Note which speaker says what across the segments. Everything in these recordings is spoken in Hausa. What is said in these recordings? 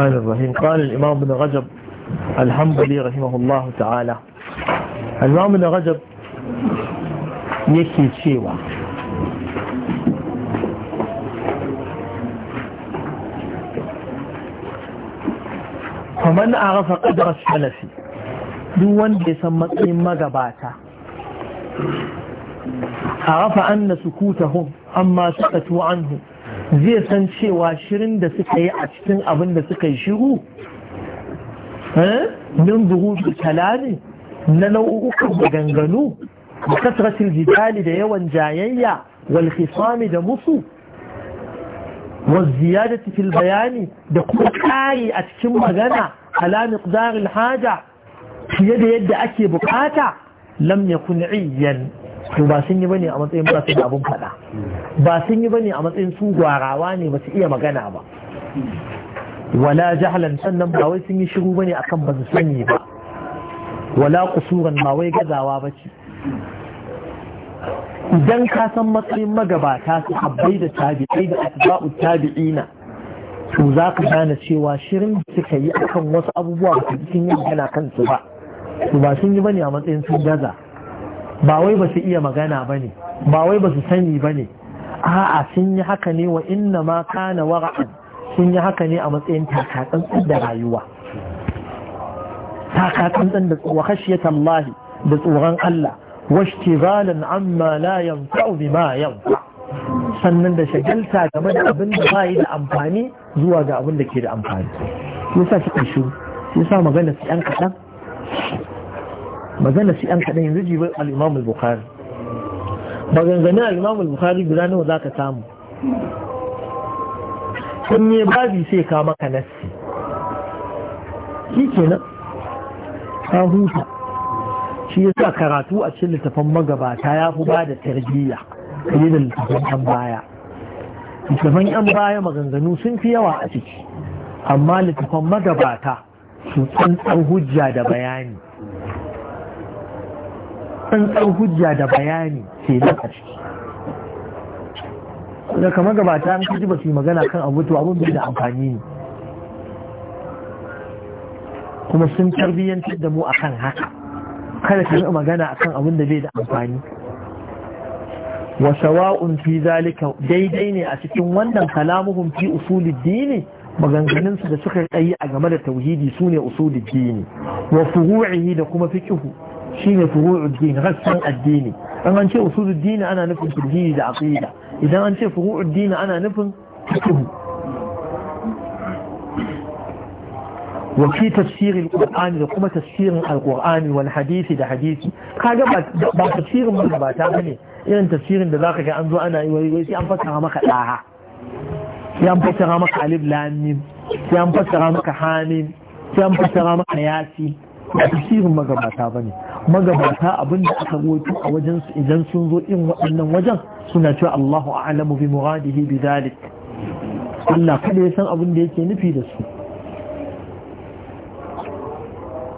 Speaker 1: الرحمن الرحيم قال الإمام بن رجب لله رحمه الله تعالى الإمام بن رجب يكي تشيوا فمن أعرف قدر السلف دون إما مغباتا أعرف أن سكوتهم أما سكتوا عنه zai san cewa shirin da suka yi a cikin abin da suka yi shiru eh? min buhudu talani? na nau'ukan maganganu da kasratul jidali da yawan jayayya wal khisami da musu wa ziyadati fil bayani da kuma kari a cikin magana ala miqdaril haja fiye da yadda ake bukata lam yakun iyyan to ba sun yi bane a matsayin ba su da abun faɗa ba sun yi bane a matsayin su gwarawa ne ba su iya magana ba wala jahlan sannan ba wai sun yi shiru bane akan ba su sani ba wala kusuran ba wai gazawa ba ce idan ka san matsayin magabata su habbai da tabi'ai da asba'u tabi'ina to za ka gane cewa shirin da suka yi akan wasu abubuwa ba su yi magana kansu ba to ba sun yi bane a matsayin sun gaza ba wai ba su iya magana ba ne ba wai ba su sani ba ne a'a sun yi haka ne wa inna ma kana wara'an sun yi haka ne a matsayin takatsantsan da rayuwa takatsantsan da wa khashiyat Allah da tsoron Allah washtigalan amma la bi ma yanfa sannan da shagalta game da abin da bai da amfani zuwa ga abin da ke da amfani yasa yasa magana su yan kaɗan مثلا شيء ان كان يجي الامام البخاري مثلا زمان الامام البخاري غزانه وذاك سام كن ني بازي سي كا مكا نفسي كيكنا فهوت شيء يسا كراتو اشي لتفن مغبا تا يافو با ده ترجيه يجب ان تكون ام بايا لتفن ام بايا مغنزنو سن في يوا اشي اما لتفن مغبا تا سن ان حجه ده بياني tsantsar hujja da bayani ke nan a ciki da kama gabata an kaji ba su yi magana kan abu to abun bai da amfani ne kuma sun tarbiyyantar da mu kan haka kada ka yi magana a kan abun da bai da amfani wasa wa'un fi zalika daidai ne a cikin wannan kalamuhun fi usulid dini maganganunsu da suka yi a game da tauhidi su ne usulid dini wa furu'ihi da kuma fikihu shine furu'ud din rassan addini an an ce usulud din ana nufin tauhidi da aqida idan an ce furu'ud din ana nufin fiqh wa fi tafsir al da kuma tafsirin al-qur'ani wal hadisi da hadisi kaga ba ba tafsirin ba ba ta bane irin tafsirin da zaka ga an zo ana yi wai sai an fassara maka daha sai an fassara maka alif lam mim sai an fassara maka hamim sai an fassara maka yasi ba tafsirin magabata bane magabata abin da aka goto a wajen su idan sun zo in waɗannan wajen suna cewa Allahu a'lamu bi muradihi bi zalik Allah kada ya san abin da yake nufi da su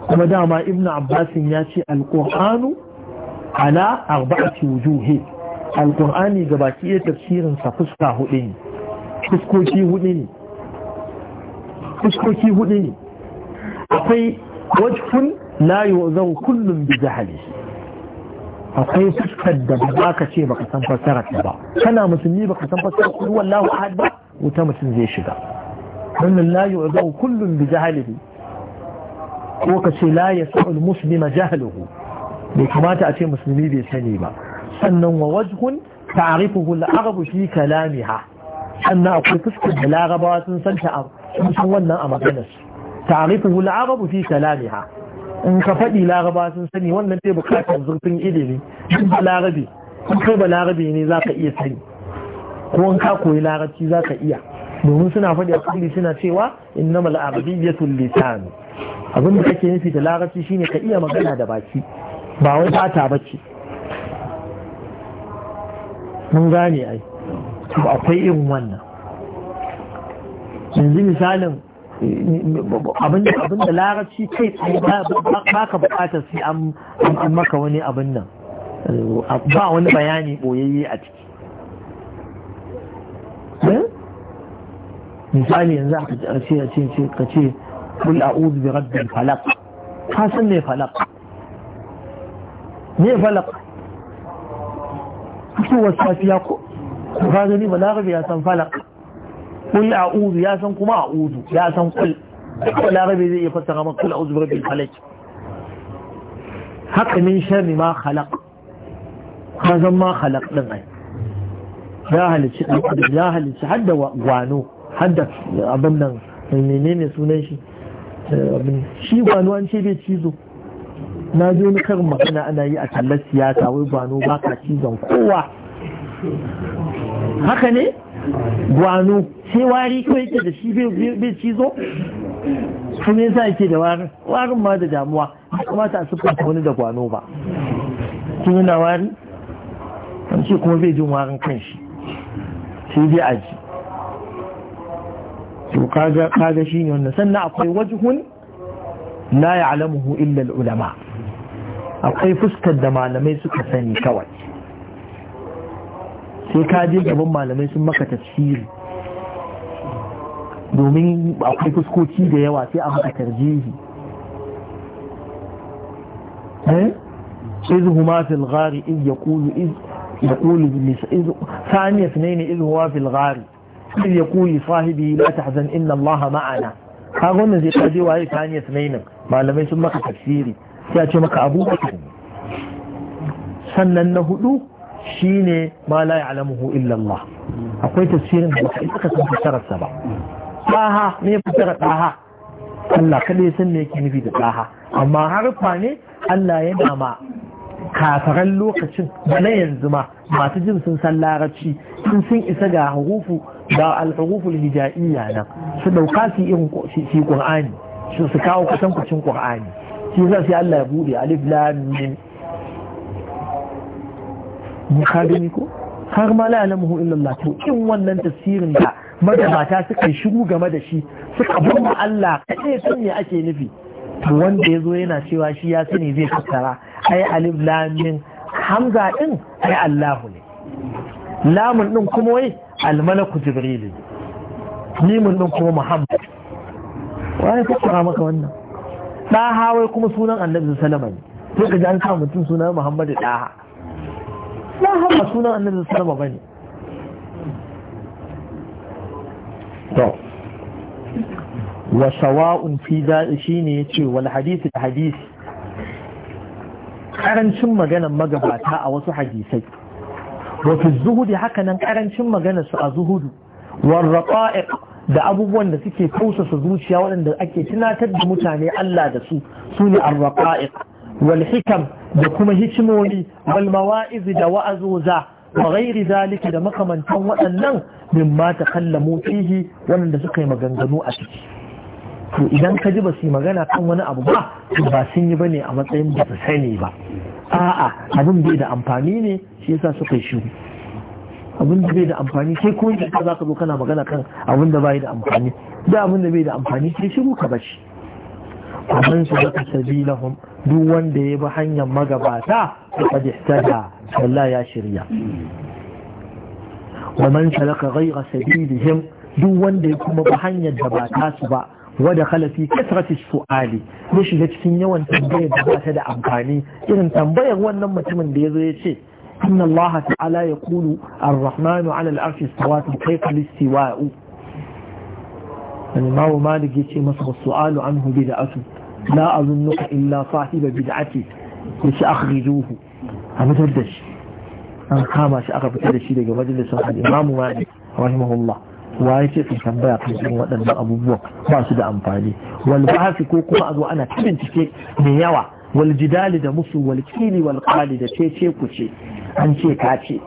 Speaker 1: kuma dama ibnu abbasin ya ce alqur'anu ala arba'ati wujuhi alqur'ani gabaki ya tafsirin sa fuska hudu ne fuskoki hudu ne fuskoki hudu ne akwai wajhun لا يؤذن كل بجهله فقي تفد بباك شيء بقى تنفسرك بقى كنا مسلمين بقى تنفسرك هو الله أحد بقى وتمسن زي شقا من لا يؤذن كل بزحله وكشي لا يسع المسلم جهله لكما تأتي مسلمين بسليما سنن ووجه تعرفه الأغب في كلامها أن أقول تفكر لا غبات سنشأ مسوى تعرفه الأغب في كلامها in ka faɗi laraba sun sani wannan sai bukatar zurfin ilimi duk ba larabi in kai ba larabe ne za ka iya sani ko in ka koyi larabci za ka iya domin suna faɗi a kulli suna cewa ya tulli lisan abin da kake nufi da larabci shine ka iya magana da baki ba wai fata ce. mun gane ai akwai irin wannan yanzu misalin Abin da larabci kai tsaye ba ka bukatar sai an maka wani abin nan eh, ba wani bayani boyayye a ciki eh? misali yanzu a ce a ce ka ce kul a uzu bi rabbi falak ka san me falak ne falak kusurwa safiya ko ka gani larabi ya san falak kul a'udhu ya san kuma a'udhu ya san kul larabe zai iya fassara maka kul a'udhu rabbil falaq haka min sharri ma khalaq ka zan ma khalaq din ai ya halici ya halici hadda gwano hadda abin nan menene sunan shi shi gwano an ce bai cizo na ji ni karin magana ana yi a tallar siyasa wai gwano ba ka cizon kowa haka ne gwano sai wari kawai ke da shi bai cizo kuma yasa yake da warin warin ma da damuwa ba kamata a siffanta wani da gwano ba kuma na wari an ce kuma bai jin warin kanshi sai dai aji to kaga shi ne wannan sannan akwai hun la ya'lamuhu illa al-ulama akwai fuskar da malamai suka sani kawai sai ka je gaban malamai sun maka tafsiri domin akwai fuskoki da yawa sai a maka tarjihi إذ هما في الغار إذ يقول إذ يقول إذ ثانية اثنين إذ هو في الغار إذ يقول لصاحبه لا تحزن إن الله معنا هاغون زي قدي وهي ثانية اثنين ما لم يسمى تفسيري يا مك أبو بكر سنن هدوك Shi ne ma la alamu hu illallah akwai tafsirin da ba aka san fasarar sa ba daha me fasarar daha Allah kaɗai san me yake nufi da daha amma harfa ne Allah yana ma kafaran lokacin da na yanzu ma masu jin sun san larabci sun sun isa ga hurufu da al-huruful nan su dauka su irin shi Qur'ani su kawo kusan kucin Qur'ani shi yasa sai Allah ya bude alif lam mim ni gani ko har ma la ya'lamuhu illa Allah to in wannan tafsirin da magabata suka shiru game da shi suka bar Allah kace sun ne ake nufi to wanda yazo yana cewa shi ya sani zai fassara ai alif lam mim hamza din ai Allahu ne lamun din kuma wai almalaku jibril mimun din kuma muhammad wai fassara maka wannan da hawai kuma sunan annabi sallallahu alaihi wasallam ne to kaji an sa mutum sunan muhammad daha na Hama sunan annabi sallama ba to wa sawa'un fi da'i shine yace wal hadisi da hadisi karancin magabata a wasu hadisai wa fi zuhudi hakanan karancin maganar su a zuhudu wal raqa'iq da abubuwan da suke su zuciya waɗanda ake tunatar da mutane Allah da su su ne al-raqa'iq wal hikam da kuma hikimomi wal mawa'iz da wa'azuza wa ghairi zalika da makamantan waɗannan mimma takallamu fihi wanda suka yi maganganu a ciki to idan ka ji ba su yi magana kan wani abu ba to ba sun yi bane a matsayin ba su sani ba a'a abin bai da amfani ne shi yasa suka yi shiru abin da bai da amfani sai ko yanzu za ka zo kana magana kan abin da bai da amfani da abin da bai da amfani sai shiru ka bashi ومن سلك lahum duk wanda ya bi hanyar magabata faqad da wallahi ya shirya wa man salaka ghayra sabilihim duk wanda ya kuma bi hanyar da ba ta su ba wada khalafi su su'ali ya shiga cikin yawan tambayar da ba ta da amfani irin tambayar wannan mutumin da zo ya ce inna Allah ta'ala yaqulu ar-rahmanu 'ala al-arshi istawatu kayfa al-istiwa'u al-imam malik yace masa su'alu da bid'atu la azunnuka illa sahiba bid'ati yace akhrijuhu a fitar da shi an kama shi aka fita da shi daga majalisar al-imam Malik rahimahullah wa yace sun tambaya kan irin waɗannan abubuwa ba da amfani wal ko kuma a zo ana ta bincike mai yawa Waljidali da musu wal kili da ce ce ku ce an ce ka ce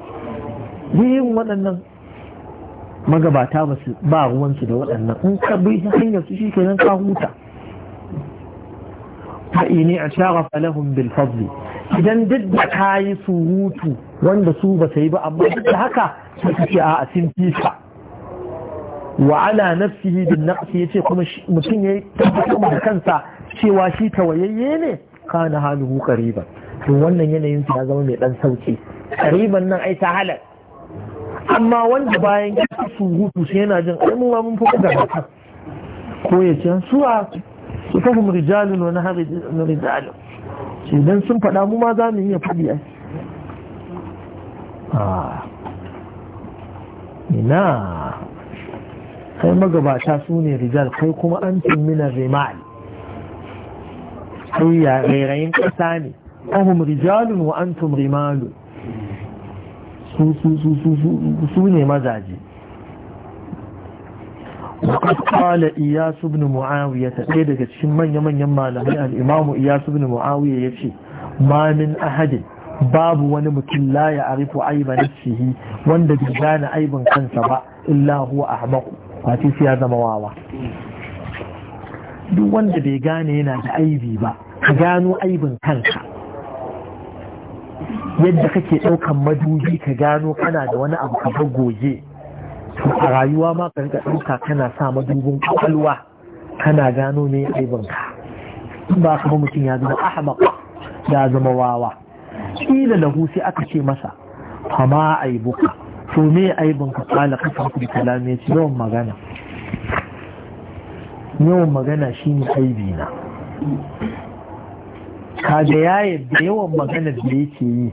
Speaker 1: yin waɗannan magabata ba su ba ruwansu da waɗannan in ka bi su shi kenan ka huta A فإن اعترف لهم idan duk da kayi surutu wanda su ba sai ba amma duk da haka suka ce a asin fifa wa ala nafsihi bin naqsi yace kuma mutum yayi tabbatar da kansa cewa shi tawayayye ne kana haluhu qariban to wannan yanayin ya zama mai dan sauki qariban nan ai ta halal amma wanda bayan ya su hutu sai yana jin ai mun mun fuka da ko ya ce su su rijalun wani harin rijalun shi don sun faɗa mu ma za mu iya faɗi a ina kai magabata su ne rijal kai kuma an tummina rimal kai ya rairayin ƙasa ne ahum rijalun wa antum rimalu su ne mazaje وقد قال إياس بن معاوية تقيدك شمان يمن يما لهم الإمام إياس بن معاوية يشي ما من أحد باب ونمكن لا يعرف عيب نفسه وندب جان عيبا كان سبا إلا هو أحمق فاتي في هذا مواوى دو wanda bai هنا عيبي با aibi ba ka gano aibin kanka yadda kake ɗaukan madubi ka gano kana da wani abu ka goge a rayuwa ma ka ɗauka kana sa madubin kwakwalwa kana gano ne aibinka in ba ka mutum ya zama ahmaq ya zama wawa kila lahu sai aka ce masa fama aibuka to me aibinka kala kasan ku kalam yawan magana yawan magana shine aibi na kaga ya yadda yawan magana da yake yi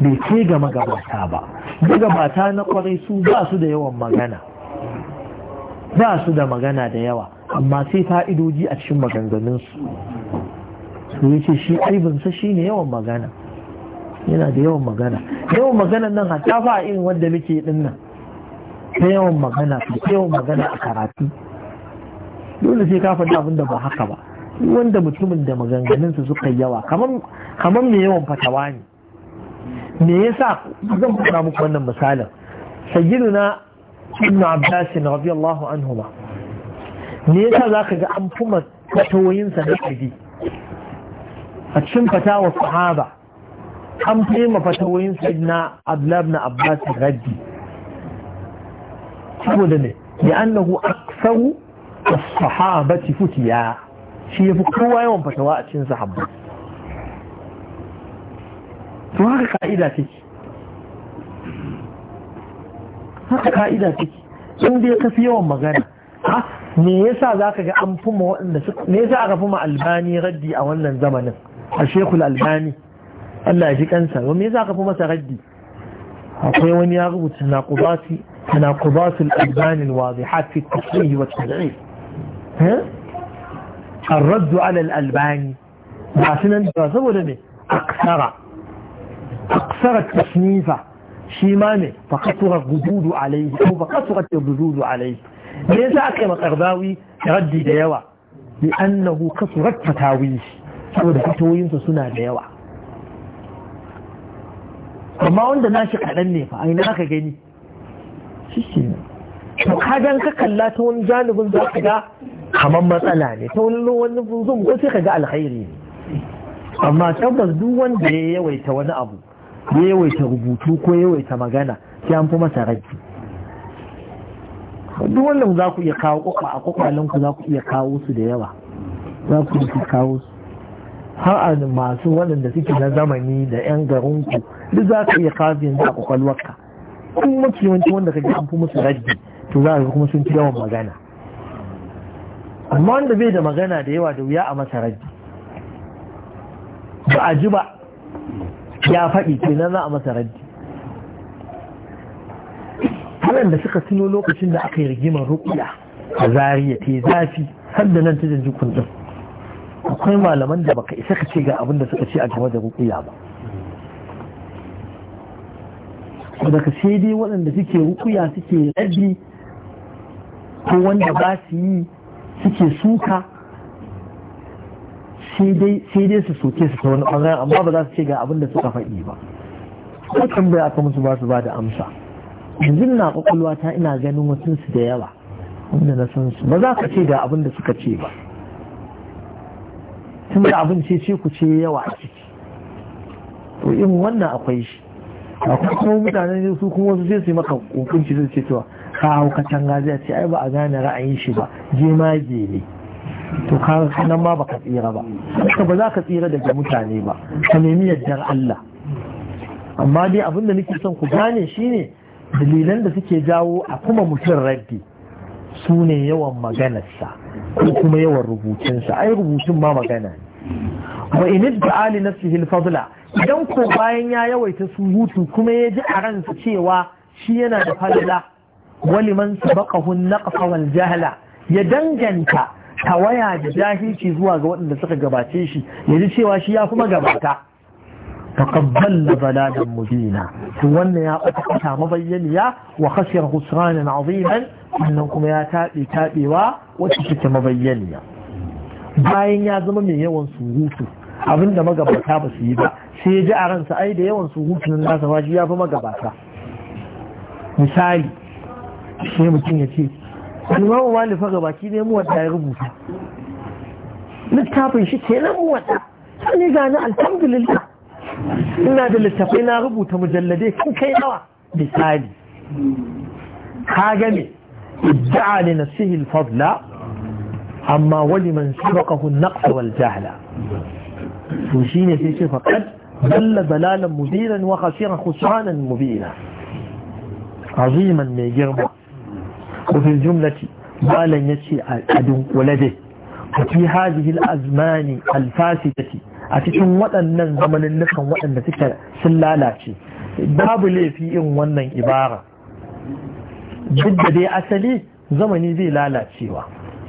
Speaker 1: bai ce ga magabata ba mata na kwarai su ba su da yawan magana ba su da magana da yawa amma sai fa'idoji a cikin maganganunsu su yi ce shi aibinsa shi ne yawan magana yana da yawan magana yawan magana nan fa a irin wanda muke dinnan. ta yawan magana ta yawan magana a karatu dole sai ka faɗi abin da ba haka ba wanda mutumin da maganganunsa suka yawa kamar mai yawan fatawa ne me yasa zan fara muku wannan misalin sayyiduna ibn abbas radiyallahu anhuma me yasa zaka ga an fuma fatawoyin sa da kadi a cikin fatawa sahaba an fima fatawoyin na abdullah ibn abbas raddi saboda ne لأنه أكثر الصحابة فتيا kowa yawan fatawa a cikin صحابة to haka ka'ida take haka ka'ida take in dai ka fi yawan magana ha me yasa za ka ga an fuma waɗanda su me yasa aka fuma albani raddi a wannan zamanin a shekul albani Allah ya ji kansa wa me yasa aka fuma masa raddi akwai wani ya rubuta na naqubati تناقضات الألبان الواضحات في التصريح والتدعيف الرد على الألباني لكن أنت saboda لمي أكثر aksarar tasnifa shi ma ne fa kasurar gududu alaihi ko fa kasurar gududu alaihi me yasa aka yi makarzawi raddi da yawa bi annahu kasurat fatawi saboda fatawoyinsa suna da yawa amma wanda nashi kaɗan ne fa ina aka gani shi ne to kagan ka kalla ta wani janibin za ka ga kamar matsala ne ta wani wani zun ko sai ka ga alkhairi ne amma tabbas duk wanda ya yawaita wani abu ya yawaita rubutu ko yawaita magana sai an fi masa raji duk wannan za ku iya kawo kwakwa a kwakwalen ku za ku iya kawo su da yawa za ku iya kawo su har a masu waɗanda suke na zamani da 'yan garinku duk za ka iya kawo yanzu a kwakwalwarka kun mafi yawanci wanda ka ji an fi musu raji to za ka kuma sun fi yawan magana amma wanda bai da magana da yawa da wuya a masa raji ba a ji ba ya faɗi kenan za a masa raddi waɗanda suka tuno lokacin da aka yi rigimar rukuya a zariya ta yi zafi har da nan ta janji kundin akwai malaman da baka isa ka ce ga abin da suka ce a game da rukuya ba daga sai dai waɗanda suke rukuya suke rabi ko wanda ba su yi suke suka sai dai su soke su ta wani ɓangaren amma ba za su ce ga abin da suka faɗi ba ko tambaya aka musu ba su ba da amsa yanzu na ƙwaƙwalwa ta ina ganin wasu su da yawa wanda na san su ba za ka ce ga abin da suka ce ba tun da abin ce ce ku ce yawa a ciki to in wannan akwai shi a kuma mutane su kuma wasu sai su yi maka hukunci su ce cewa ka hau ka can zai ce ai ba a gane ra'ayin shi ba je je ne to ka nan ma baka tsira ba ka ba za ka tsira daga mutane ba ka nemi yardar Allah amma dai abin da nake son ku gane shine dalilan da suke jawo a kuma mutum raddi su ne yawan maganarsa ko kuma yawan rubutunsa ai rubutun ma magana ne wa inid da ali nafsihi al-fadla idan ko bayan ya yawaita surutu kuma ya ji a ransa cewa shi yana da falala waliman sabaqahu an-naqsa wal jahla ya danganta ta waya da jahilci zuwa ga waɗanda suka gabace shi ya ji cewa shi ya kuma gabata ta kabbal na baladan Mujina, to wannan ya ɓata ƙasa mabayyaniya wa khasiyar husranin aziman sannan kuma ya taɓe taɓewa wacce suke mabayyaniya bayan ya zama mai yawan surutu abinda magabata ba su yi ba sai ya ji a ransa ai da yawan surutu nan nasa ba shi ya fi magabata misali sai mutum ya ce alimamu malifa gabaki ne mu wadda ya rubuta littafin shi ke nan mu wadda sani gani alhamdulillah ina da littafai na rubuta mujallade kan kai nawa misali ka game idda'a li nafsihi al-fadla amma wali man sabaqahu an-naqs wal jahla to shine sai ce faqad dalla dalalan mudiran wa khasiran khusranan mubina aziman mai girma kufin jumlati malan ya ce a dunkule dai a fi hajihil azmani alfasidati a cikin waɗannan zamanin nukan waɗanda suka sun lalace babu laifi in wannan ibara duk dai asali zamani zai lalacewa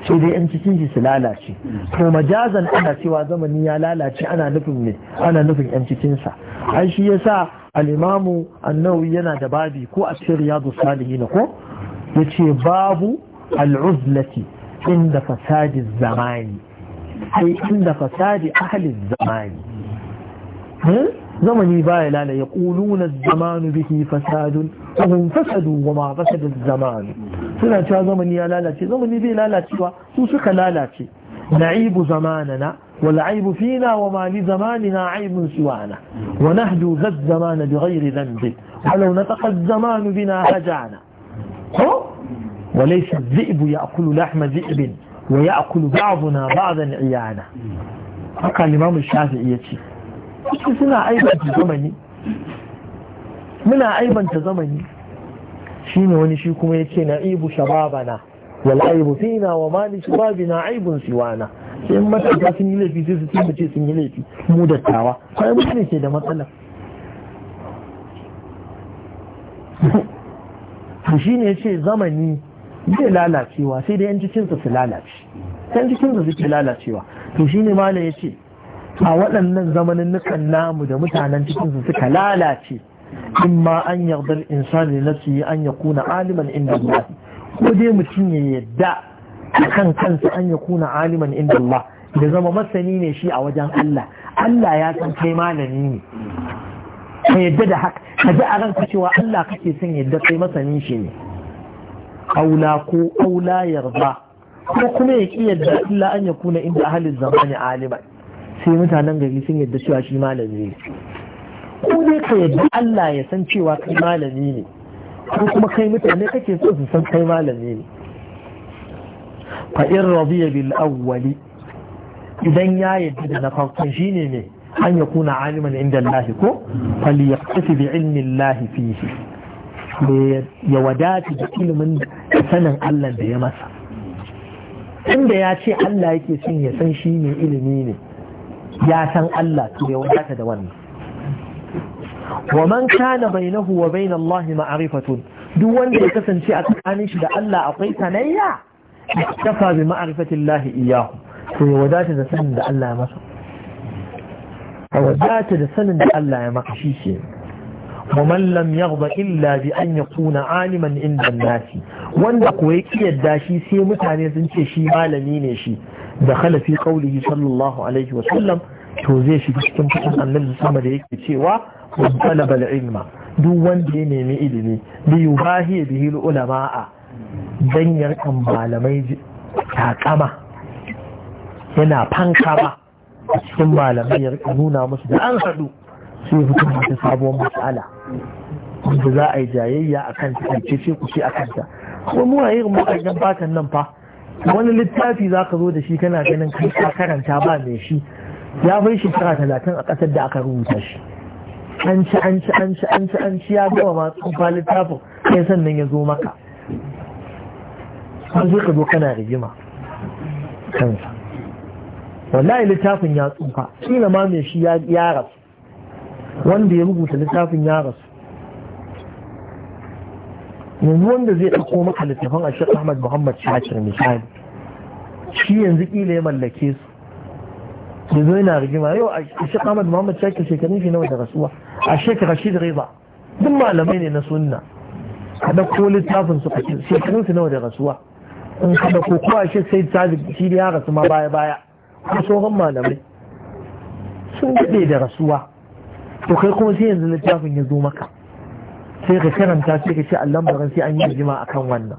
Speaker 1: sai dai yan cikin su lalace to majazan ana cewa zamani ya lalace ana nufin yan cikinsa ai shi yasa alimamu imamu annawi yana da babi ko a cikin riyadu salihin ko yace babu al'uzlati inda fasadi zamani ai inda fasadi ahli zamani zamani زمني lalai ya لا zamanu bihi fasadun فساد fasadu wa ma فسد الزمان suna cewa zamani ya lalace zamani bai lalacewa su suka lalace na'ibu zamanana wal aibu fina wa ma li zamanina aibun siwana wa nahdu zad zamana bi ghairi dhanbi walau nataqa az bina hajana ko وليس الذئب يأكل لحم ذئب ويأكل بعضنا بعضا عيانا haka الإمام الشافعي ya ce su suna aibanta zamani muna aibanta zamani shi ne wani shi kuma ya ce na ibu shababana in matasa sun yi laifi sai su ce mace sun yi laifi mu dattawa kai mutane ke da matsala to shi ne ya ce zamani zai lalacewa sai dai yan jikinsa su lalace yan jikinsa suke lalacewa to shi ne malam ya ce a waɗannan zamanin nukan namu da mutanen cikinsu suka lalace in ma an yardar insani yi an ya kuna aliman inda Allah ko dai mutum ya yadda a kan kansa an ya kuna aliman inda Allah da zama masani ne shi a wajen Allah Allah ya san kai malami ne ka yadda da haka ka ji a ranka cewa Allah kake son yadda kai masani shi ne aula ko aula yarda ko kuma ya ki yadda illa an ya kuna inda ahalin zamani aliman sai mutanen gari sun yadda cewa shi malami ne ko dai ka yadda Allah ya san cewa kai malami ne ko kuma kai mutane kake so su san kai malami ne fa in radiya bil awwali idan ya yadda da na farkon shine ne an ya kuna aliman inda Allah ko fal yaqtafi bi ilmi Allah fihi ya wadata da ilimin sanin Allah da ya masa inda ya ce Allah yake son ya san shi ne ilimi ne ya san Allah to ya wadata da wannan wa man kana bainahu wa bain Allah ma'rifatun duk wanda ya kasance a tsakanin shi da Allah akwai sanayya kafa bi ma'rifatillahi iyyahu to ya wadata da sanin da Allah ya masa a wadata da sanin da Allah ya maka shi ke ومن لم يغض إلا بأن يكون عالما عند الناس wanda koya ya kiyarda shi sai mutane sun ce shi malami ne shi da khalafi qaulihi sallallahu alaihi wa sallam to zai shiga cikin fadin annabi sama da yake cewa wa talaba ilma duk wanda ya nemi ilimi bi yubahi bihi a. dan yarkan malamai takama yana fankama a cikin malamai ya nuna musu da an haɗu sai hukunta ta sabuwar matsala wanda za a yi jayayya a kan ta ce ce ku ce a kanta kuma mu a irin makarantar fatan nan fa wani littafi za ka zo da shi kana ganin kai ka karanta ba mai shi ya bai shekara talatin a ƙasar da aka rubuta shi an ci an ci an ci an ci an ci ya gama ma tsufa littafin kai sannan ya zo maka an zo ka zo kana rigima kansa wallahi littafin ya tsufa kila ma mai shi ya rasu wanda ya rubuta littafin ya rasu yanzu wanda zai ɗauko maka littafin ashir ahmad muhammad shakir misali shi yanzu ƙila ya mallake su yanzu yana rigima yau a ashir ahmad muhammad shakir shekarun shi nawa da rasuwa a shekara shi da riba duk malamai ne na sunna ka ɗauko littafin su shekarun su nawa da rasuwa in ka ɗauko ko a shek sai ta shi ya rasu ma baya baya ko sauran malamai sun daɗe da rasuwa to kai kuma sai yanzu littafin ya zo maka sai ka karanta sai ka ce allon baran sai an yi jima a kan wannan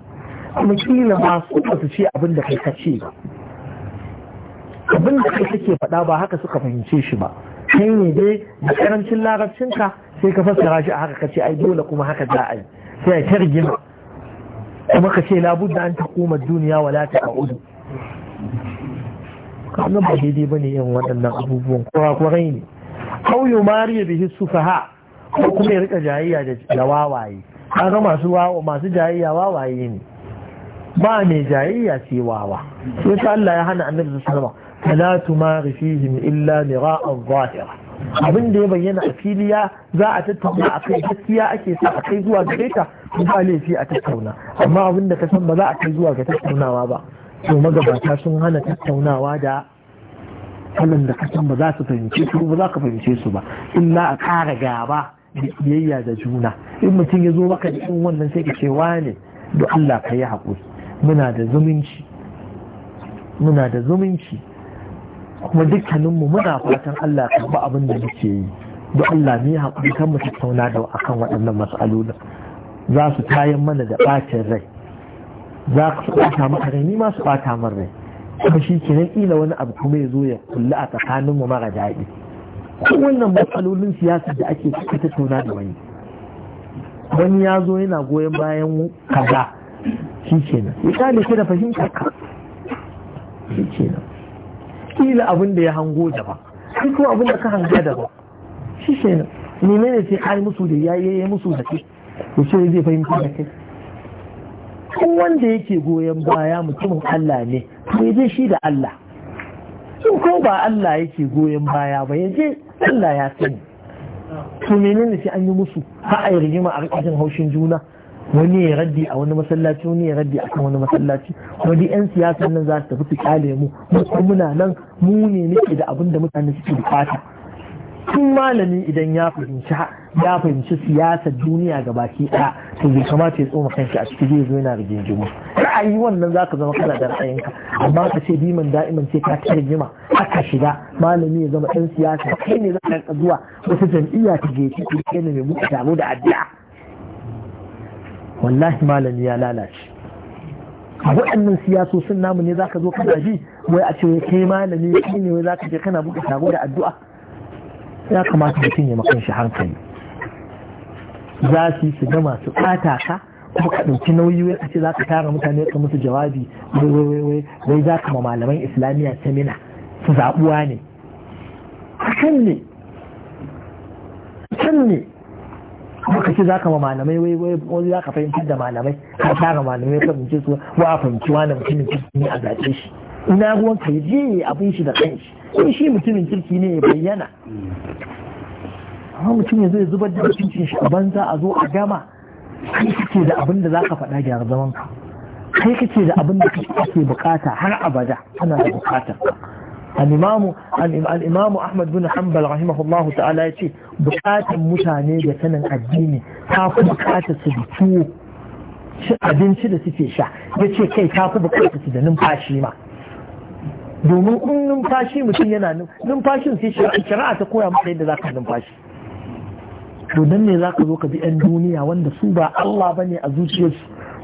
Speaker 1: kuma kila ma su su ce abin da kai ka ce ba abin da kai kake faɗa ba haka suka fahimce shi ba kai ne dai da karancin larabcinka sai ka fassara shi a haka ka ce ai dole kuma haka za a yi sai a ta kuma ka ce labudda an ta kuma duniya wala ta ka'udu kan ba daidai bane yin waɗannan abubuwan kowa ne aw yumari bihi sufaha ko kuma ya rika jayayya da wawaye kaga masu masu jayayya wawaye ne ba mai jayayya sai wawa sai ta Allah ya hana annabi sallallahu alaihi wasallam la tumari fihim illa mira'an zahira abin da ya bayyana a filiya za a tattauna a kai gaskiya ake sa a kai zuwa gare ta ba laifi a tattauna amma abin da ka san ba za a kai zuwa ga tattaunawa ba to magabata sun hana tattaunawa da waɗanda kasan ba za su fahimce su ba za ka fahimce su ba illa a ƙara gaba da iyayya da juna in mutum ya zo maka da wannan sai ka ce wane da Allah ka yi haƙuri muna da zumunci kuma dukkaninmu muna fatan Allah ka ba abin da muke yi da Allah ne haƙuri kan mu tattauna da akan waɗannan matsalolin za su tayan mana da ɓacin rai za su ɓata maka rai ni ma su ɓata min rai kuma shi kenan ila wani abu kuma ya zo ya kula a tsakanin mu mara daɗi ko wannan matsalolin siyasa da ake ta tattauna da wani wani ya zo yana goyon bayan kaza shi nan ya da ke da fahimtar ka shi nan ila abin da ya hango da ba. shi ko abin da ka hanga ba. shi nan ne ne sai kai musu da yayi musu da kai Ya sai zai fahimta da kai kun wanda yake goyon baya mutumin Allah ne to je shi da Allah in ko ba Allah yake goyon baya ba yaje Allah ya sani to menene sai an yi musu ha a rigima a haushin juna wani ya raddi a wani masallaci wani ya raddi a kan wani masallaci wani yan siyasa nan za su tafi su kyale mu mu muna nan mu ne nake da abin da mutane suke bukata tun malami idan ya fahimci ya fahimci siyasar duniya ga baki ɗaya to bai kamata ya tsoma kanki a ciki zai zo yana rigingimu ra'ayi wannan za ka zama kana da ra'ayinka amma ka ce biman da'iman ce ka ta rigima haka shiga malami ya zama ɗan siyasa kai ne za ka zuwa wata jam'iyya ta je ki kai ne mai muku taro da addu'a wallahi malami ya lalace A waɗannan siyasosin namu ne za ka zo kana bi wai a ce kai malami kai ne wai za ka je kana buɗe taro da addu'a ya kamata mutum ya makon shi hankali za su yi su gama su ɓata ka kuma ka ɗauki nauyi wai a ce za ka tara mutane ka musu jawabi wai wai za ka ma malaman islamiyya mina, su zaɓuwa ne hakan ne kan ne ka ce za ka ma malamai wai wai za ka fahimtar da malamai ka tara malamai ka fahimce su wa a fahimci wani mutumin kirki ne a zaɓe shi ina ruwan ka je abin shi da kanshi in shi mutumin kirki ne ya bayyana amma mutum ya zai zubar da mutuncin shi a banza a zo a gama kai kake da abin da zaka faɗa gyara zaman ka kai kake da abin da kake bukata har abada ana da bukatar الإمام الإمام أحمد بن حنبل رحمه الله تعالى يقول بقات متانة جسنا الديني تاف بقات سبتو أدين شد سفي شا يقول كي تاف بقات سدنم ma. domin in numfashi mutum yana numfashin sai shari'a ta koya mutane yadda za ka numfashi to don ne za ka zo ka bi 'yan duniya wanda su ba Allah ba ne a zuciyarsu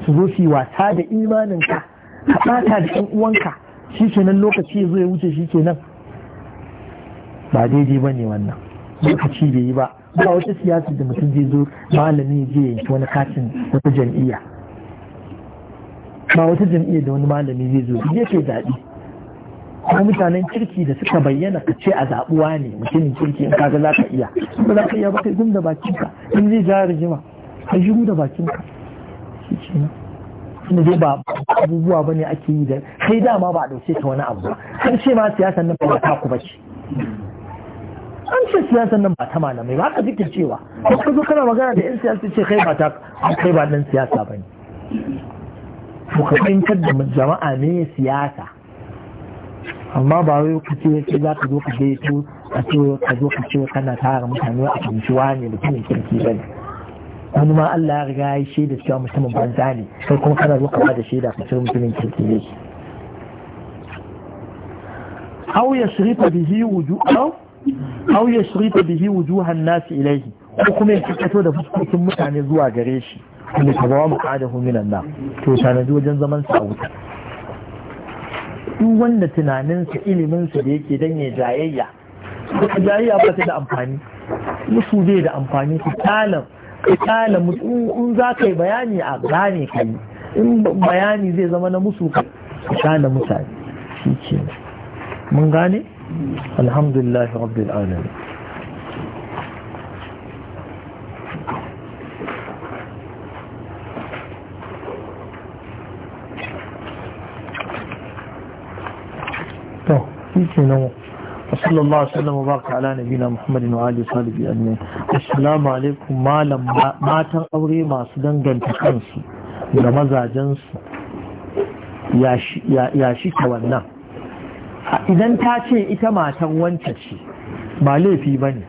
Speaker 1: su zo su yi wata da imaninka ka ɓata da 'yan uwanka shi ke nan lokaci ya zo ya wuce shi ke nan. ba daidai ba ne wannan lokaci bai yi ba ba wata siyasa da mutum zai zo malami je yanki wani katin wata jam'iyya ba wata jam'iyya da wani malami zai zo je ke zaɓi kuma mutanen kirki da suka bayyana ka ce a zaɓuwa ne mutumin kirki in kaga za ka iya ba za ka iya ba kai gum da bakinka in zai ja rijima ka shigo da bakinka shi ce na inda dai ba abubuwa ba ne ake yi da kai dama ba a ɗauke ta wani abu har ce ma siyasar nan ba ta ku bace
Speaker 2: an
Speaker 1: ce siyasar nan ba ta malamai ba ka zikin cewa ka zo kana magana da 'yan siyasa ce kai ba ta kai ba nan siyasa ba ne to ka fahimtar da jama'a ne siyasa amma ba wai ce yake za ka zo ka je to a ce ka zo ka ce kana tara mutane a tuntuwa ne kuma kirki bane wani ma Allah ya riga ya shaida cewa mutumin banza ne sai kuma kana zo ka da shaida ka ce mutumin kirki ne aw yashrifa bihi wujuh aw yashrifa bihi wujuhan nas ilayhi ko kuma ya fito da fuskokin mutane zuwa gare shi kuma tabawa muqadahu minan nar to sanadu wajen zaman sa wuta duk wanda tunaninsa iliminsa da yake dan ya jayayya kuma jayayya ba ta da amfani musu zai da amfani ku talam ka tala in za ka yi bayani a gane ka yi in bayani zai zama na musu ka tala mutane shi ce mun gane alhamdulillah rabbil alamin kenan وصلى الله وسلم وبارك على نبينا محمد وعلى صحبه اجمعين السلام عليكم مالم matan aure masu danganta kansu da mazajen su ya shi ta wannan idan ta ce ita matan wanta ce ba laifi bane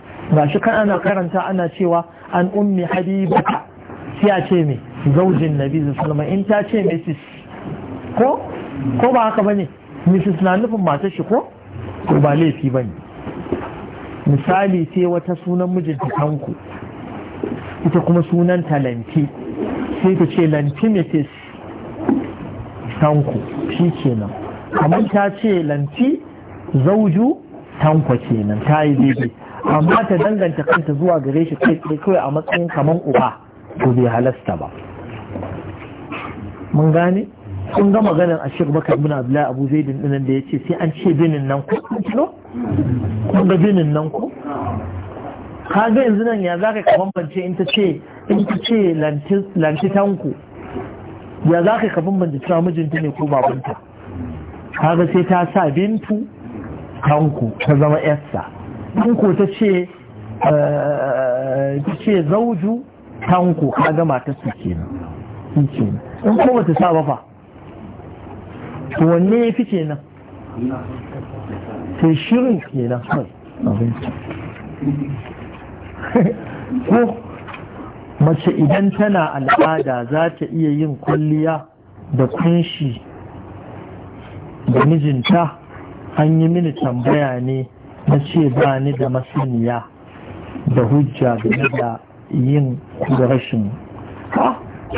Speaker 1: shi kan ana karanta ana cewa an ummi habibata sai a ce me zaujin nabi sallallahu alaihi in ta ce mrs ko ko ba haka bane mrs na nufin matar shi ko to ba laifi ba ne misali sai wata sunan mijinta tanko ita kuma sunan talanti sai ta ce lantimitis tanko shi kenan kamar ta ce lanti zauju tanko kenan ta yi daidai amma ta danganta kanta zuwa gare shi kai kawai a matsayin kamar uba to bai halasta ba mun gane kun ga maganar a shek bakar muna abla abu zaidin dinan da ya ce sai an ce binin nan ku ko
Speaker 2: kun
Speaker 1: ga binin nan ku? ka ga yanzu nan ya za ka bambance in ta ce in ta ce lantitanku ya za ka bambance cewa mijinta ne ko babanta ka ga sai ta sa bintu tanku ta zama yarsa in ko ta ce eh, ta ce zauju tanku ka ga matarsa kenan in ko ba ta sa ba fa wanne ya fi kenan sai shirin kenan nan ko mace idan tana al'ada za ta iya yin kwalliya da kunshi da mijinta an yi mini tambaya ne na ce ba ni da masaniya da hujja game da yin rashin ha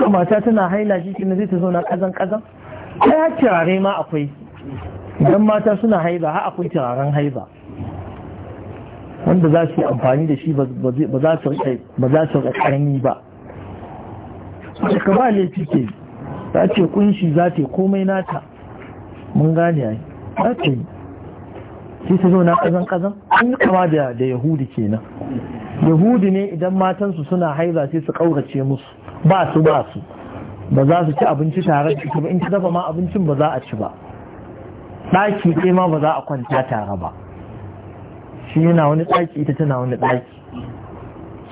Speaker 1: ah, mata tana haila shi na zai ta zo na kazan kazan ya turare ma akwai idan mata suna haiba ha akwai turaren haiba wanda za su yi amfani da shi ba za su rika karni ba ka ba ne ke za ce kunshi za ta komai nata mun gane ai za ta yi sai su zauna kazan kazan an yi kama da yahudi kenan yahudi ne idan matansu suna haiza sai su kaurace musu ba su ba su ba za su ci abinci tare da ba in ta dafa ma abincin ba za a ci ba ɗaki ce ma ba za a kwanta tare ba shi yana wani ɗaki ita tana wani ɗaki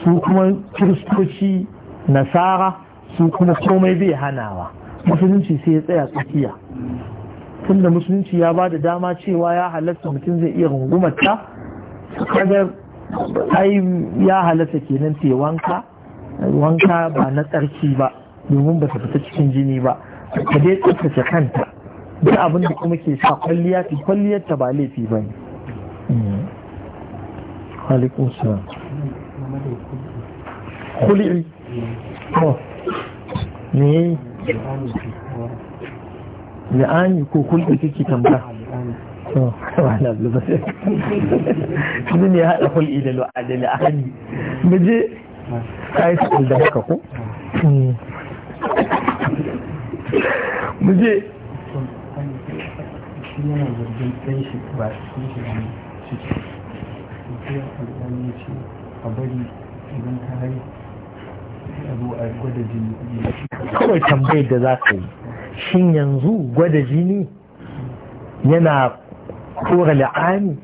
Speaker 1: su kuma kiristoci nasara su kuma komai bai ba, musulunci sai ya tsaya tsakiya tunda musulunci ya ba da dama cewa ya halatta mutum zai iya rungumata kagar ai ya halatta kenan ce wanka wanka ba na tsarki ba domin ba ta fita cikin jini ba ta dai tsaftace kanta duk abin da kuma ke sa kwalliya ta kwalliya ta ba laifi ba ne hmm. alaikun salam
Speaker 2: kuli'i oh. ne
Speaker 1: la'ani ko kulki kike tambaya wala ba sai ne ya haɗa kulki da la'ani muje kai su da haka ko hmm.
Speaker 2: mu je kawai tambayar
Speaker 1: da za ka yi shin yanzu gwada jini yana kora la'ani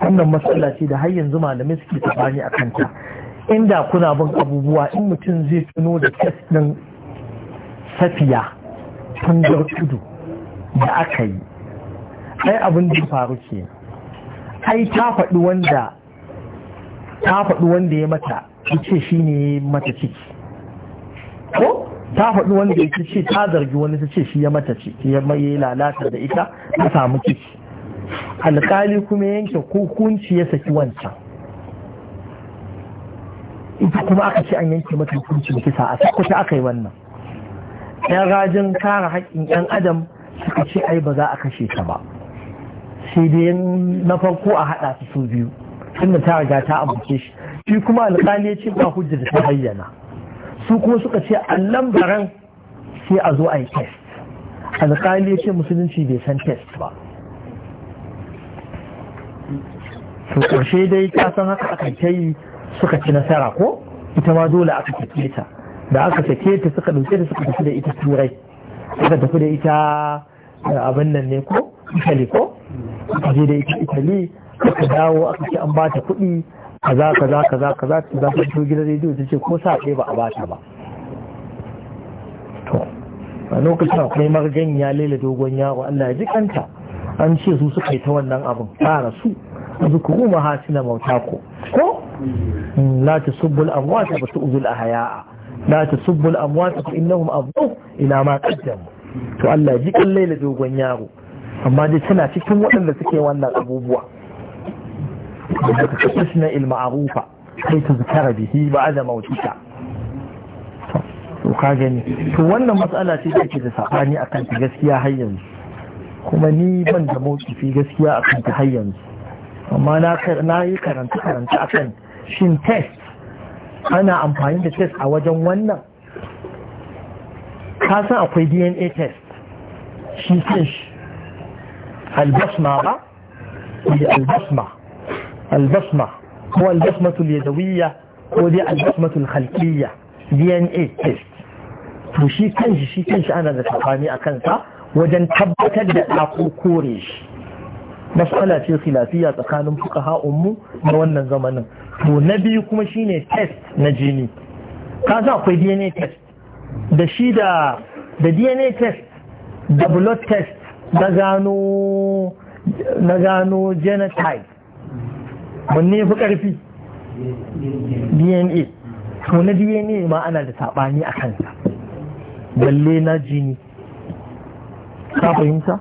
Speaker 1: wannan matsala ce da har yanzu malamai suke tafani a kanta inda kuna bin abubuwa in mutum zai tuno da kes ɗin safiya tun da tudu da aka yi ai abin da faru ke ai ta faɗi wanda ta faɗi wanda ya mata ce shi ne mata ciki ko ta faɗi wanda ya ce ta zargi wani ta ce shi ya mata ciki ya mai lalata da ita ta samu ciki alƙali kuma yanke hukunci ya saki wancan ita kuma aka ce an yanke mata hukuncin kisa a sakwata aka yi wannan yan rajin kare haƙƙin yan adam suka ce ai ba za a kashe ta ba sai dai na farko a haɗa su su biyu tunda ta riga ta ambace shi shi kuma alƙali ya ce ba hujja da ta bayyana su kuma suka ce a lambaran sai a zo a yi test alƙali ya ce musulunci bai san test ba to ƙarshe dai ta san haka aka ta yi suka ci nasara ko ita ma dole aka sake ta da aka sake ta suka dauke ta suka tafi da ita turai suka tafi da ita eh, abin nan ne ko italy ko suka je da ita italy suka dawo aka ce an bata kuɗi kaza kaza kaza kaza za ta fito gidan rediyo ta ce ko sa ɗaya ba a bata ba to a lokacin akwai marganya lela dogon yaro Allah ya ji kanta an ce su suka yi ta wannan abin fara su zukuru ma hasina mauta ko ko la tasubbul amwata fa tu'zul ahya'a la tasubbul amwata fa innahum abdu ila ma qaddamu to Allah ji kallai da dogon yaro amma dai tana cikin waɗanda suke wannan abubuwa da ka kasna il ma'rufa kai ta zikara bihi ba ba'da mautika to ka gani to wannan matsala ce ke da sabani akan ta gaskiya har yanzu kuma ni ban da mawkifi gaskiya akan ta har yanzu amma na yi karanta-karanta a kan shin test ana amfani da test a wajen wannan kasan akwai dna test shi shi albasma ba ne albasma albasma ko albasmatul yadawiyya ko dai albasmatul khalqiyya dna test to shi kanshi shi kanshi ana da tafani a kansa wajen tabbatar da ɗako kore shi mas'ala ce khilafiya tsakanin fuqaha ummu na wannan zamanin to na biyu kuma shine test na jini ka za akwai DNA test da shi da da DNA test da blood test na gano na gano genotype wanne fi karfi DNA to na DNA ma ana da sabani a kansa balle na jini ka fahimta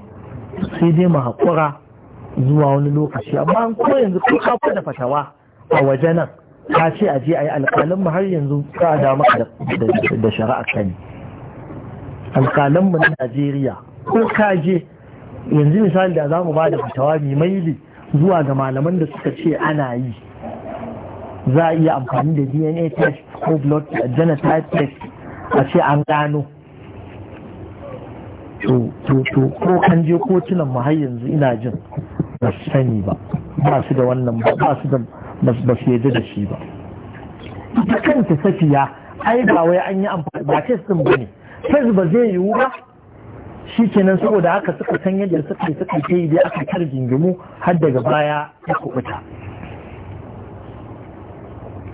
Speaker 1: sai dai mu haƙura zuwa wani lokaci amma an ko yanzu ko ka fada fatawa a waje nan ka ce a je a yi alƙalin mu har yanzu ka da maka da shari'a kan alƙalin mu na Najeriya ko ka je yanzu misali da zamu ba da fatawa mai maili zuwa ga malaman da suka ce ana yi za a iya amfani da DNA test ko blood genotype test a ce an gano to to ko kan je kotunan mu har yanzu ina jin ba su sani ba ba su da wannan ba ba su da ba su yadda da shi ba ita kanta safiya ai ba wai an yi amfani ba ce sun ba ne test ba zai yiwu ba shi kenan saboda haka suka san yadda suka yi suka yi dai aka kar jingimu har daga baya ya kubuta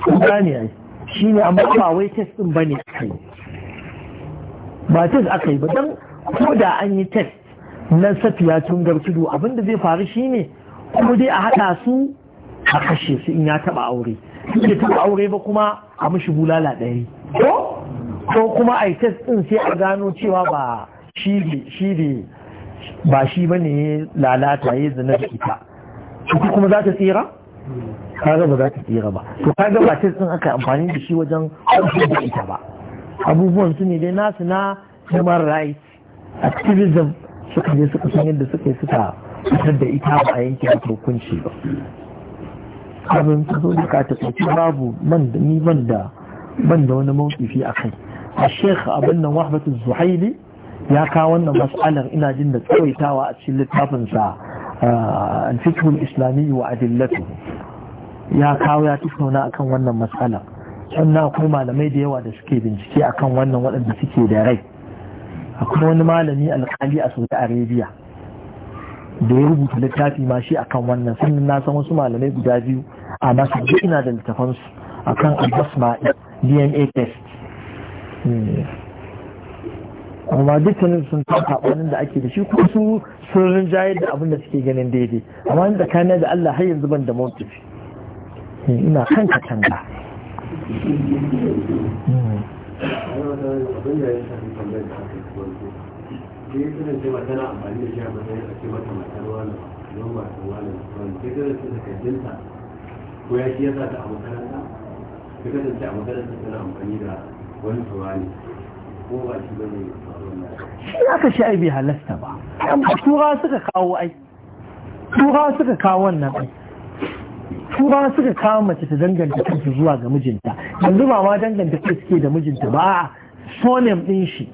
Speaker 1: kun gane ai shi ne amma ba wai test din ba ne aka yi ba test aka yi ba don ko da an yi test nan safiya tun gartudu abinda zai faru shine kuma dai a haɗa su a kashe su in ya taɓa aure in ya taɓa aure ba kuma a mashi bulala ɗari ko kuma a yi test ɗin sai a gano cewa ba shi ba shi ba ne lalata ya zina da ita kuma za ta tsira kaga ba za ta tsira ba to kaga ba test ɗin aka amfani da shi wajen kwanci da ita ba abubuwan su ne dai nasu na human rights activism suka je suka san yadda suka yi suka fitar da ita ba a yanke da hukunci ba abin ta zo duka ta tsoki babu man da ni ban da wani mawkifi a kai a sheikh abin nan wahbatu zuhaili ya kawo wannan mas'alar ina jin da tsawaitawa a cikin littafinsa al-fiqhul islami wa adillatu ya kawo ya tattauna akan wannan matsalar sannan akwai malamai da yawa da suke bincike akan wannan waɗanda suke da rai akwai wani malami alkali a saudi arabia da ya rubuta littafi ma shi akan wannan sannan na san wasu malamai guda biyu a masu duk ina da littafansu akan albasma dna test eh. amma dukkanin sun taka wannan da ake da shi ko su sun rinjayar da abin da suke ganin daidai amma ni tsakanin da Allah har yanzu ban da motsi eh, ina kan hmm. ka canza da
Speaker 2: sai ya tana cewa tana amfani da shi a matsayin a ce mata matar wani don matar wani wani sai tana ce takardunta ko ya shi ya sa ta a makaranta ta kasance a makaranta tana amfani da wani turani ko ba shi ba ne
Speaker 1: shi ka shi ai bai halasta ba tura suka kawo ai tura suka kawo wannan ai tura suka kawo mace ta danganta kanta zuwa ga mijinta yanzu ba ma danganta kai suke da mijinta ba a sonem din shi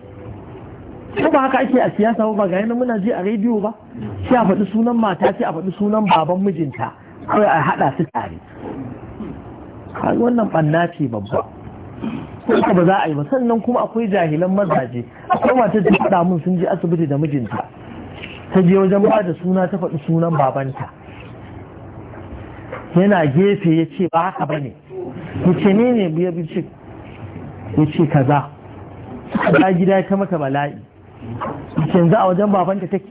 Speaker 1: ko ba haka ake a siyasa ba ga yana muna ji a rediyo ba sai a faɗi sunan mata sai a faɗi sunan baban mijinta kawai a haɗa su tare wannan ɓanna ce babba ko ba za a yi ba sannan kuma akwai jahilan mazaje akwai mata ta faɗa mun sun je asibiti da mijinta ta je wajen ba da suna ta faɗi sunan babanta yana gefe ya ce ba haka ba ne ya ce ne ne ya ce kaza ta gida ta mata bala'i yanzu a wajen babanta take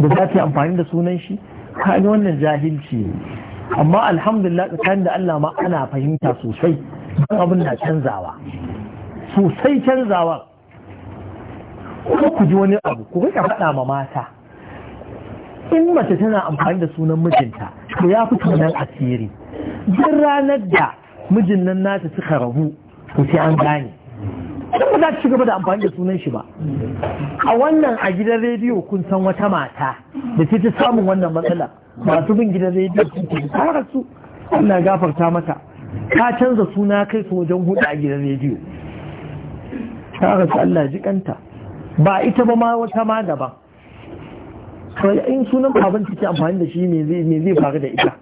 Speaker 1: da za ta yi amfani da sunan shi kaga wannan jahilci amma alhamdulillah tsakanin da Allah ma ana fahimta sosai don abin na canzawa sosai canzawa kuma ku ji wani abu ku kuka faɗa ma mata in mace tana amfani da sunan mijinta to ya fito nan asiri duk ranar da mijin nan nata suka rabu to sai an gane kuma ba za ta gaba da amfani da sunan shi ba a wannan a gidan rediyo kun san wata mata da ta ta samun wannan matsala masu bin gidan rediyo sun ta rasu ina gafarta mata ta canza suna kai su wajen hudu a gidan rediyo ta rasu Allah jikanta ba ita ba ma wata ma daban in sunan baban ce amfani da shi me zai faru da ita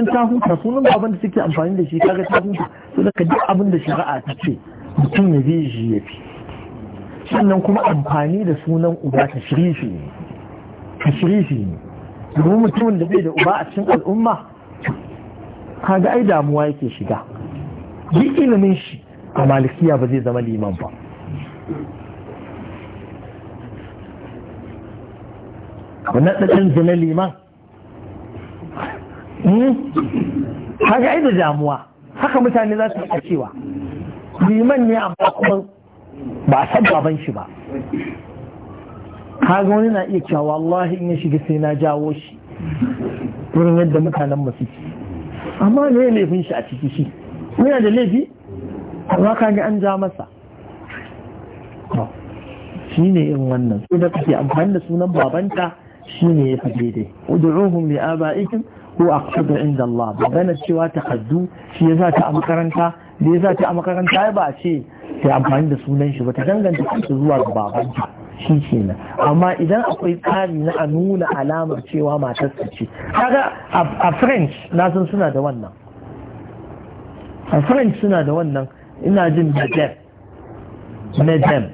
Speaker 1: nan ta huta sunan abin da suke amfani da shi kaga ta huta su da duk abin da shari'a ta ce mutum ya bi shi ya fi sannan kuma amfani da sunan uba ta shirifi ne ta shirifi ne domin mutumin da bai da uba a cikin al'umma kaga ai damuwa yake shiga yi ilimin shi a malikiya ba zai zama liman ba wannan ɗan zina liman haka hmm? yi da damuwa haka mutane za su cewa liman ne amma kuma ba a san baban shi ba Haka wani na iya cewa wallahi in ya shiga sai na jawo shi wurin yadda mutanen masu suke amma ne laifin shi a ciki shi yana da laifi amma ka ga an ja masa shi ne in wannan su da kake amfani da sunan babanta shi ne ya fi daidai ko a kudu inda Allah maganar cewa ta kaddu shi ya za ta a makaranta da ya za ta a makaranta ya ba a ce ta amfani da sunan shi ba ta danganta kanta zuwa ga babanta shi ke nan amma idan akwai tsari na a nuna alamar cewa matarsa ce kaga a french na san suna da wannan a french suna da wannan ina jin medem nadem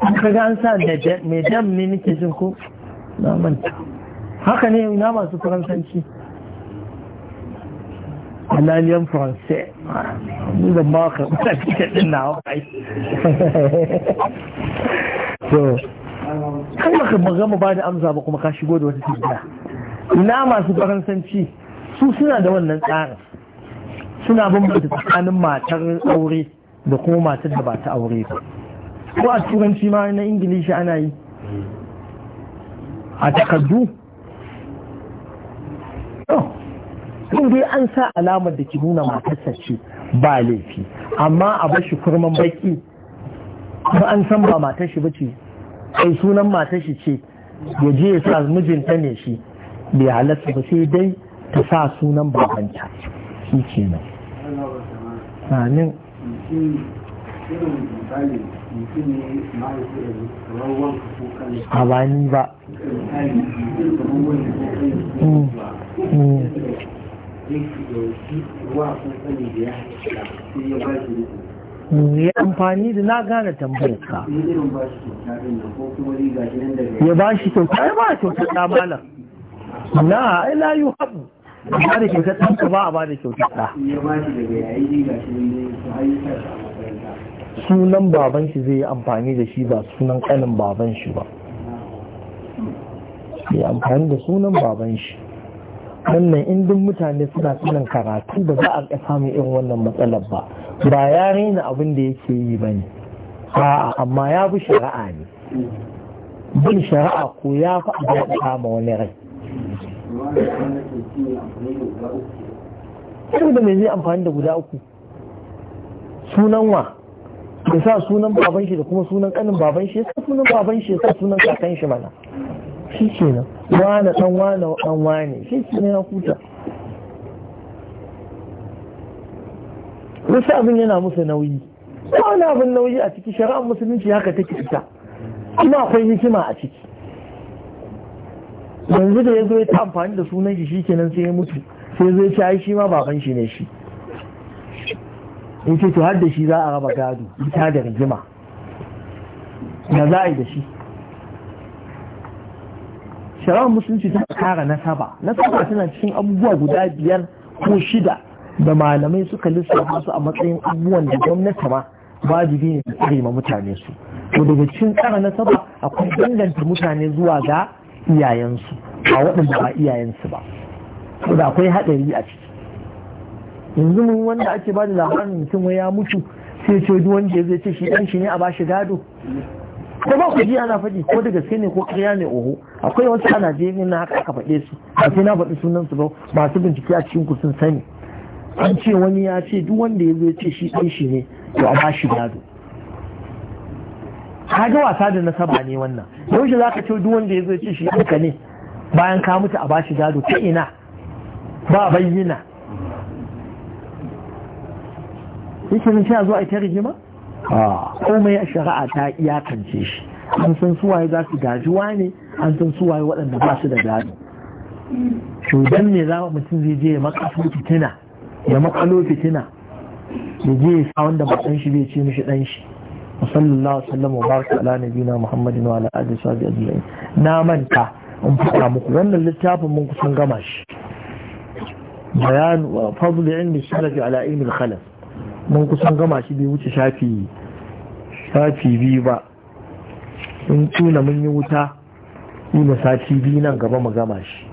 Speaker 1: kaga an sa nadem ne nake jin ko na manta haka ne ina masu faransanci halaliyan france ni da ba ka ɗin din na wai so kai maka ka ba da amsa ba kuma ka shigo da wata tafiya ina masu faransanci su suna da wannan tsarin suna bambanta tsakanin matar aure da kuma matar da ba ta aure ba ko a turanci ma na ingilishi ana yi a takardu oh. in dai an sa alamar da ke nuna matarsa ce ba laifi amma a bashi kurman baki ba an san ba matar shi bace kai sunan matar ce ya je ya sa mijinta ne shi bai halatta ba sai dai ta sa sunan babanta shi ke nan sanin a bani ba ya amfani da na gane tambayar ya ba shi kyauta ya ba kyauta ta malam na ai la yu ba da kyauta ta ba a ba da kyauta ta sunan baban shi zai yi amfani da shi ba sunan kanin baban shi ba ya amfani da sunan baban shi wannan indin mutane suna sanin karatu da za a samu irin wannan matsalar ba ba ya raina abin da yake yi ba ne a'a amma ya fi shari'a ne bin shari'a ko ya fi abin da kama wani rai da mai zai amfani da guda uku sunan wa ya sa sunan baban shi da kuma sunan kanin baban shi ya sa sunan baban shi ya sa sunan kakan shi mana shi ke nan wane ɗan wane ɗan wane shi ke ne ya kuta wasu abin yana musu nauyi wani abin nauyi a ciki shari'ar musulunci haka take fita? kuma akwai hikima a ciki yanzu da ya zo ya ta amfani da sunan shi shikenan sai ya mutu sai zai ci aishi ma baban shi ne shi in ce to har da shi za a raba gado ita da rigima da za a yi da shi shari'ar musulunci ta kara nasaba nasaba tana cikin abubuwa guda biyar ko shida da malamai suka lissafa su a matsayin abubuwan da gwamnati ma wajibi ne ta tsare ma mutane su to daga cikin tsara nasaba akwai danganta mutane zuwa ga iyayensu a waɗanda ba iyayensu ba to da akwai haɗari a ciki yanzu mun wanda ake ba da labarin mutum ya mutu sai ce duk wanda ya zai ce shi ɗan shi ne a ba shi gado
Speaker 2: ko ba ku ji ana
Speaker 1: faɗi ko da gaske ne ko ƙarya ne oho akwai wasu a Najeriya na haka aka faɗe su a sai na faɗi sunan su ba masu bincike a cikin ku sun sani an ce wani ya ce duk wanda ya zo ya ce shi ɗan shi ne to a bashi gado ga wasa da nasaba ne wannan yaushe za ka ce duk wanda ya zo ya ce shi ɗan ne bayan ka mutu a bashi gado ta ina ba bayyana yake nan sai a zo a ita rigima Ah. komai a shari'a ta iyakance shi an san suwaye za su gaji ne an san suwaye waɗanda ba su da gado cudan ne za mutum zai je ya makasu fitina ya makalo fitina ya je ya sa wanda ba ɗan shi bai ce mishi ɗan shi musallallahu sallam wa baraka ala na na muhammadin wa ala alihi wa sahbihi ajma'in na manta in fuka muku wannan littafin mun kusan gama shi bayan fadl ilmi salafi ala ilmi al-khalaf mun kusan gama shi bai wuce shafi shafi biyu ba in tuna mun yi wuta yi na sati biyu nan gaba mu gama shi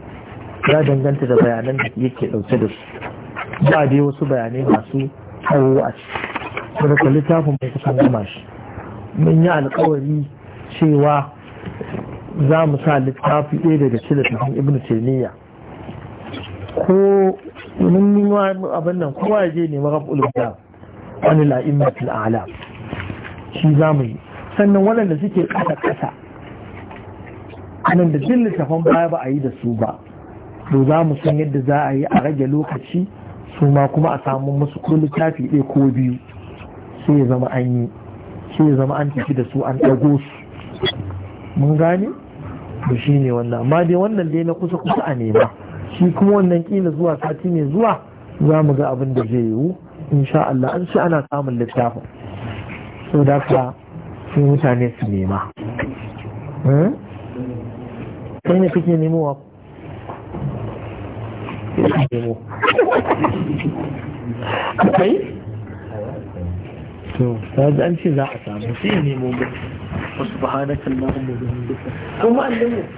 Speaker 1: ya danganta da bayanan da yake dauke da su ba dai wasu bayanai masu tsawo a ciki daga littafin mai kusan gama shi mun yi alkawari cewa za mu sa littafi ɗaya daga cikin littafin ibn taymiya ko mun yi abin nan kowa ya je ne raf'ul bid'a wani la'immatul ala shi za sannan waɗanda suke ƙasa ƙasa nan da jin littafan baya ba a yi da su ba to za mu san yadda za a yi a rage lokaci su ma kuma a samu musu ko littafi ɗaya ko biyu sai ya zama an yi sai ya zama an tafi da su an ɗago
Speaker 2: su
Speaker 1: mun gane da shi ne wannan amma dai wannan dai na kusa kusa a nema shi kuma wannan kila zuwa sati ne zuwa za mu ga abin da zai yiwu insha Allah an ce ana samun littafin so da ka fi mutane su nema eh? kai ne kake nemo wa nemo akwai to ta sai an ce za a samu sai nemo ba wasu bahanakan
Speaker 2: ma'amurin duka kuma an